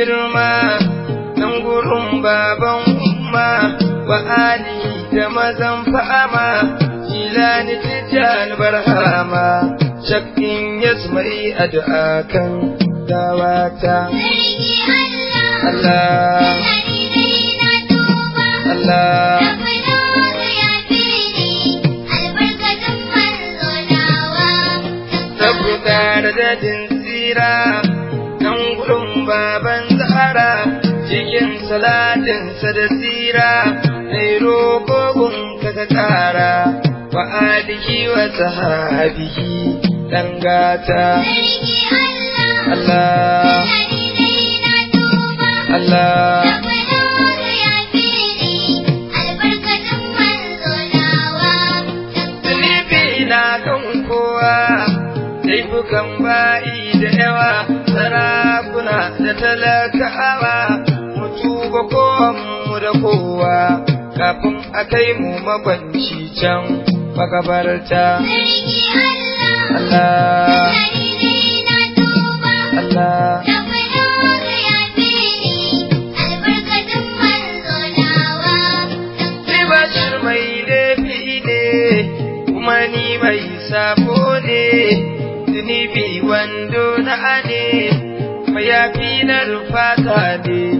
girma nan gurin baban umma wa ali da mazan fa'ama jilani tijjal barhama shakkin yasmai addu'a kan dawata Allah Allah Allah da dadin tsira yin salatinsa da tsira mai roƙo gunka kara. ƙara wa alihi wa sahabihi ɗan gata Allah Allah laifukan ba'i da yawa sarakuna da talakawa Kowa mu da kowa kafin a kai mu mabanci can magabarta Allah Allah mai laifi ne kuma ni mai sabo ne zunubi wando na ane mayafi na rufata ne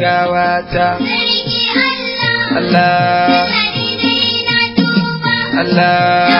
gawata Allah Allah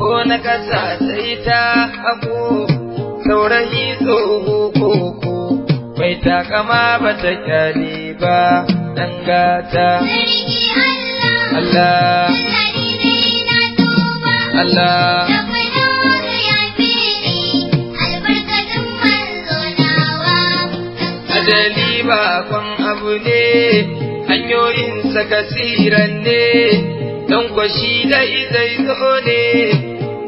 ko na kasa sai ta hago saurayi tsoho koko bai takama ba ta kyale ba dan gata Allah Allah adali bakon abu ne hanyoyinsa kasiran ne don kwashi da izai zo ne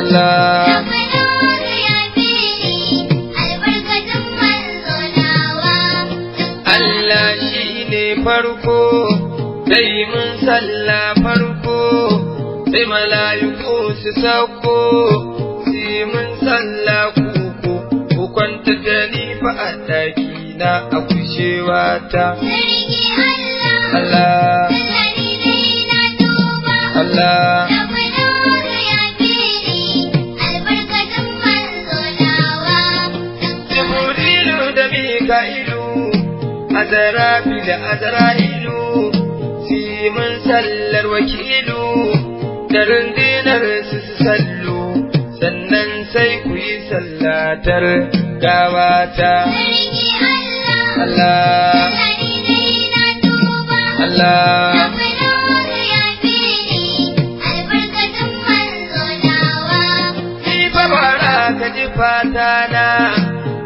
Allah shi ne farko sai mun salla farko sai mala'iku su sako, sai mun salla kuku ku kwanta da ni fa a daki na a kushewa ta Allah Allah azrafi da azra'ilu siman sallar wakilu da rundunar su sallu sannan sai ku yi sallatar gawata Allah Allah Allah, fata na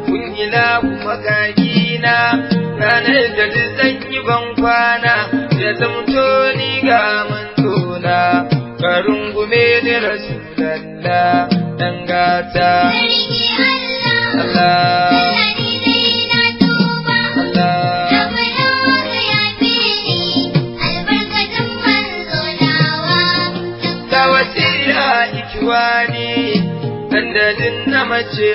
kun Allah Allah Allah ranar da zan yi ban kwana ya zamto ni ga mantona ka rungume ni rasulallah dan gata Allah Tawasira ikiwani, dandalin na mace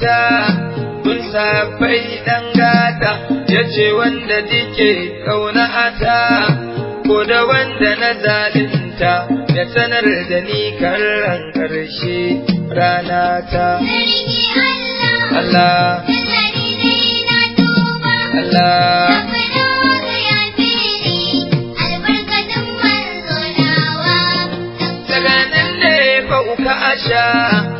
ta kun safai dan gata ya ce wanda dike ƙaunata ko da wanda na zalunta ya sanar da ni karan ƙarshe rana ta Allah Allah albarkatun nawa ne fa uka asha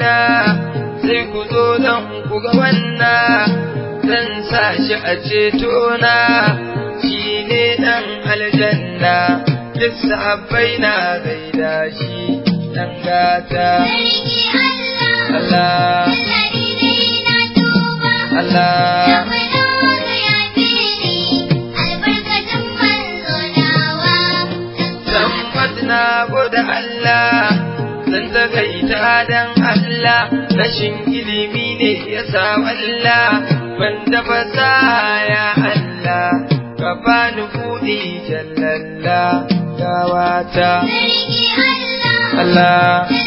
kaina sai ku zo nan ku ga wannan zan sa shi a ceto na shi ne dan aljanna duk sahabbai na gaida shi dan gata Allah Allah na Allah Allah zan takaita dan Allah rashin ilimi ne ya sa Allah ban da fasaha ya Allah ka bani buɗe jallalla gawata Allah